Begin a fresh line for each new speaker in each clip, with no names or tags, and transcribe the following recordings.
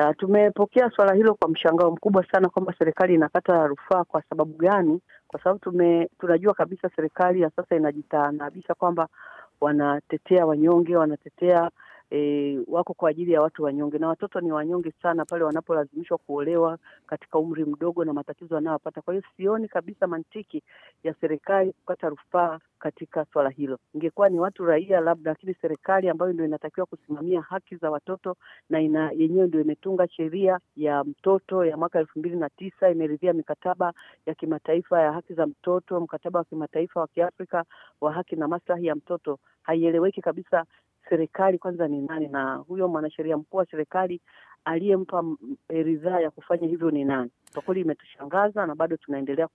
Uh, tumepokea suala hilo kwa mshangao mkubwa sana kwamba serikali inakata rufaa. Kwa sababu gani? Kwa sababu tume, tunajua kabisa serikali ya sasa inajitaanabisha kwamba wanatetea wanyonge, wanatetea e, wako kwa ajili ya watu wanyonge, na watoto ni wanyonge sana pale wanapolazimishwa kuolewa katika umri mdogo na matatizo wanayopata. Kwa hiyo sioni kabisa mantiki ya serikali kukata rufaa katika swala hilo. Ingekuwa ni watu raia labda, lakini serikali ambayo ndio inatakiwa kusimamia haki za watoto na ina yenyewe ndio imetunga sheria ya mtoto ya mwaka elfu mbili na tisa imeridhia mikataba ya kimataifa ya haki za mtoto, mkataba wa kimataifa wa Kiafrika wa haki na maslahi ya mtoto, haieleweki kabisa serikali kwanza ni nani, na huyo mwanasheria mkuu wa serikali aliyempa ridhaa ya kufanya hivyo ni nani? Kwa kweli imetushangaza na bado tunaendelea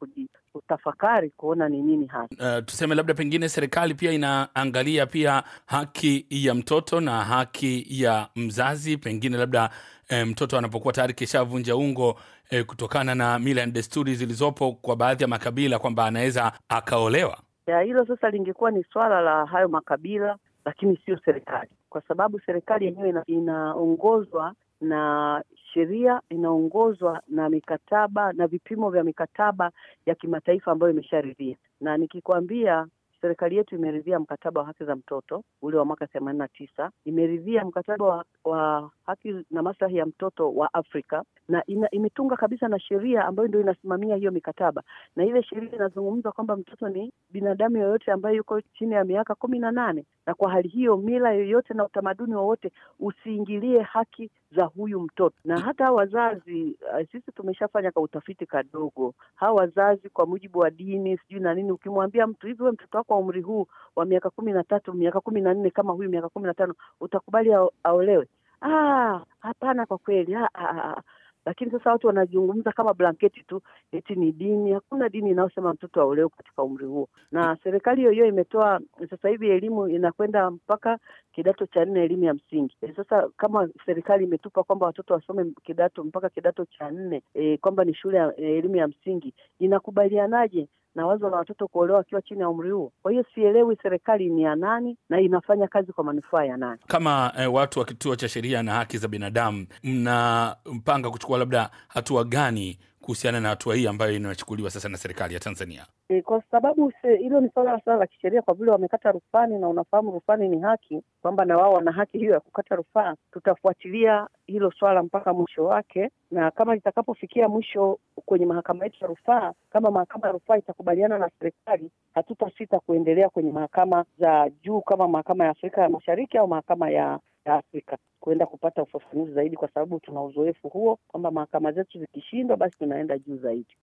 kutafakari kuona ni nini hasa.
Uh, tuseme labda pengine serikali pia inaangalia pia haki ya mtoto na haki ya mzazi, pengine labda eh, mtoto anapokuwa tayari kishavunja ungo eh, kutokana na mila na desturi zilizopo kwa baadhi ya makabila kwamba anaweza akaolewa.
Ya, hilo sasa lingekuwa ni swala la hayo makabila lakini sio serikali, kwa sababu serikali yenyewe inaongozwa na sheria, inaongozwa na mikataba na vipimo vya mikataba ya kimataifa ambayo imesharidhia. Na nikikwambia serikali yetu imeridhia mkataba wa haki za mtoto ule wa mwaka themanini na tisa, imeridhia mkataba wa, wa haki na maslahi ya mtoto wa Afrika na ina, imetunga kabisa na sheria ambayo ndio inasimamia hiyo mikataba, na ile sheria inazungumza kwamba mtoto ni binadamu yoyote ambaye yuko chini ya miaka kumi na nane na kwa hali hiyo mila yoyote na utamaduni wowote usiingilie haki za huyu mtoto. Na hata wazazi uh, sisi tumeshafanya ka utafiti kadogo, hawa wazazi kwa mujibu wa dini sijui na nini, ukimwambia mtu hivi, we mtoto wako wa umri huu wa miaka kumi na tatu miaka kumi na nne kama huyu miaka kumi na tano utakubali aolewe? Ah, hapana, kwa kweli ah, ah, ah. ah lakini sasa watu wanazungumza kama blanketi tu, eti ni dini. Hakuna dini inayosema mtoto aolewe katika umri huo, na serikali hiyo hiyo imetoa sasa hivi elimu inakwenda mpaka kidato cha nne, elimu ya msingi. E, sasa kama serikali imetupa kwamba watoto wasome kidato mpaka kidato cha nne, e, kwamba ni shule ya e, elimu ya msingi, inakubalianaje na wazo la watoto kuolewa wakiwa chini ya umri huo. Kwa hiyo sielewi serikali ni ya nani na inafanya kazi kwa manufaa ya nani?
Kama eh, watu wa kituo cha sheria na haki za binadamu, mnapanga kuchukua labda hatua gani kuhusiana na hatua hii ambayo inachukuliwa sasa na serikali ya Tanzania?
E, kwa sababu hilo ni swala sana la kisheria, kwa vile wamekata rufani na unafahamu rufani ni haki, kwamba na wao wana haki hiyo ya kukata rufaa. Tutafuatilia hilo swala mpaka mwisho wake, na kama litakapofikia mwisho kwenye mahakama yetu ya rufaa, kama mahakama ya rufaa itakubaliana na serikali, hatutasita kuendelea kwenye mahakama za juu kama mahakama ya Afrika ya Mashariki au mahakama ya ya Afrika kuenda kupata ufafanuzi zaidi, kwa sababu tuna uzoefu huo kwamba mahakama zetu zikishindwa, basi tunaenda juu zaidi.